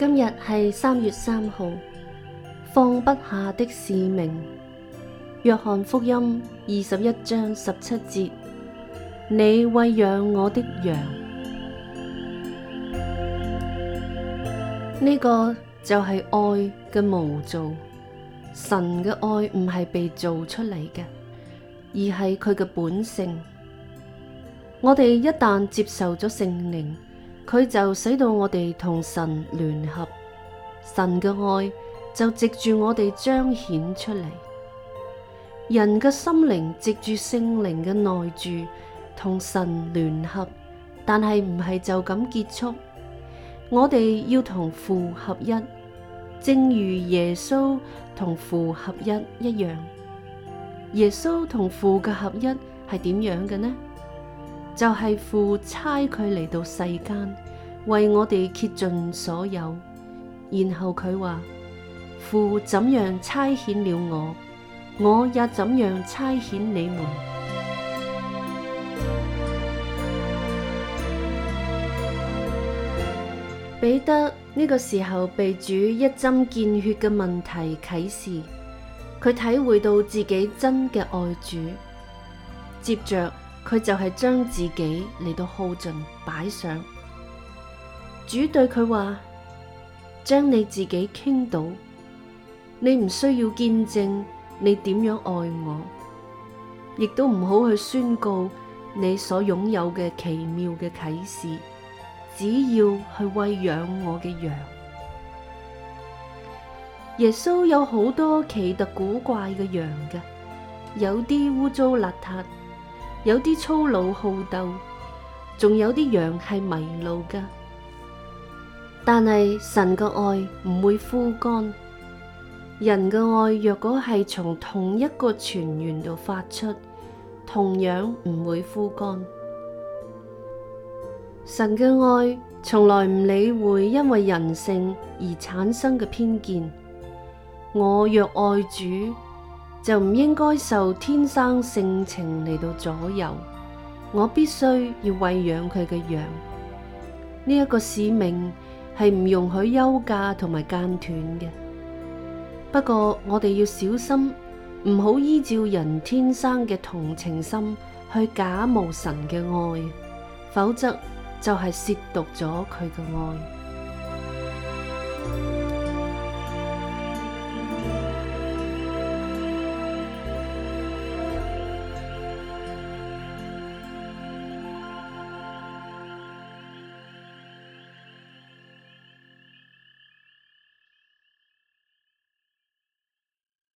今日係三月三號，放不下的使命。約翰福音二十一章十七節：你餵養我的羊。呢、這個就係愛嘅無造，神嘅愛唔係被造出嚟嘅，而係佢嘅本性。我哋一旦接受咗聖靈。佢就使到我哋同神聯合，神嘅愛就藉住我哋彰顯出嚟。人嘅心靈藉住聖靈嘅內住同神聯合，但係唔係就咁結束。我哋要同父合一，正如耶穌同父合一一樣。耶穌同父嘅合一係點樣嘅呢？就係父差佢嚟到世間，為我哋竭盡所有，然後佢話父怎樣差遣了我，我也怎樣差遣你們。彼得呢個時候被主一針見血嘅問題啟示，佢體會到自己真嘅愛主，接着佢就係將自己嚟到耗盡擺上。主對佢話：將你自己傾倒，你唔需要見證你點樣愛我，亦都唔好去宣告你所擁有嘅奇妙嘅啟示，只要去喂養我嘅羊。耶穌有好多奇特古怪嘅羊㗎，有啲污糟邋遢，有啲粗魯好鬥，仲有啲羊係迷路噶。但係神嘅愛唔會枯乾，人嘅愛若果係從同一個泉源度發出，同樣唔會枯乾。神嘅愛從來唔理會因為人性而產生嘅偏見。我若愛主，就唔應該受天生性情嚟到左右。我必須要喂養佢嘅羊，呢一個使命。係唔容許休假同埋間斷嘅。不過我哋要小心，唔好依照人天生嘅同情心去假冒神嘅愛，否則就係褻瀆咗佢嘅愛。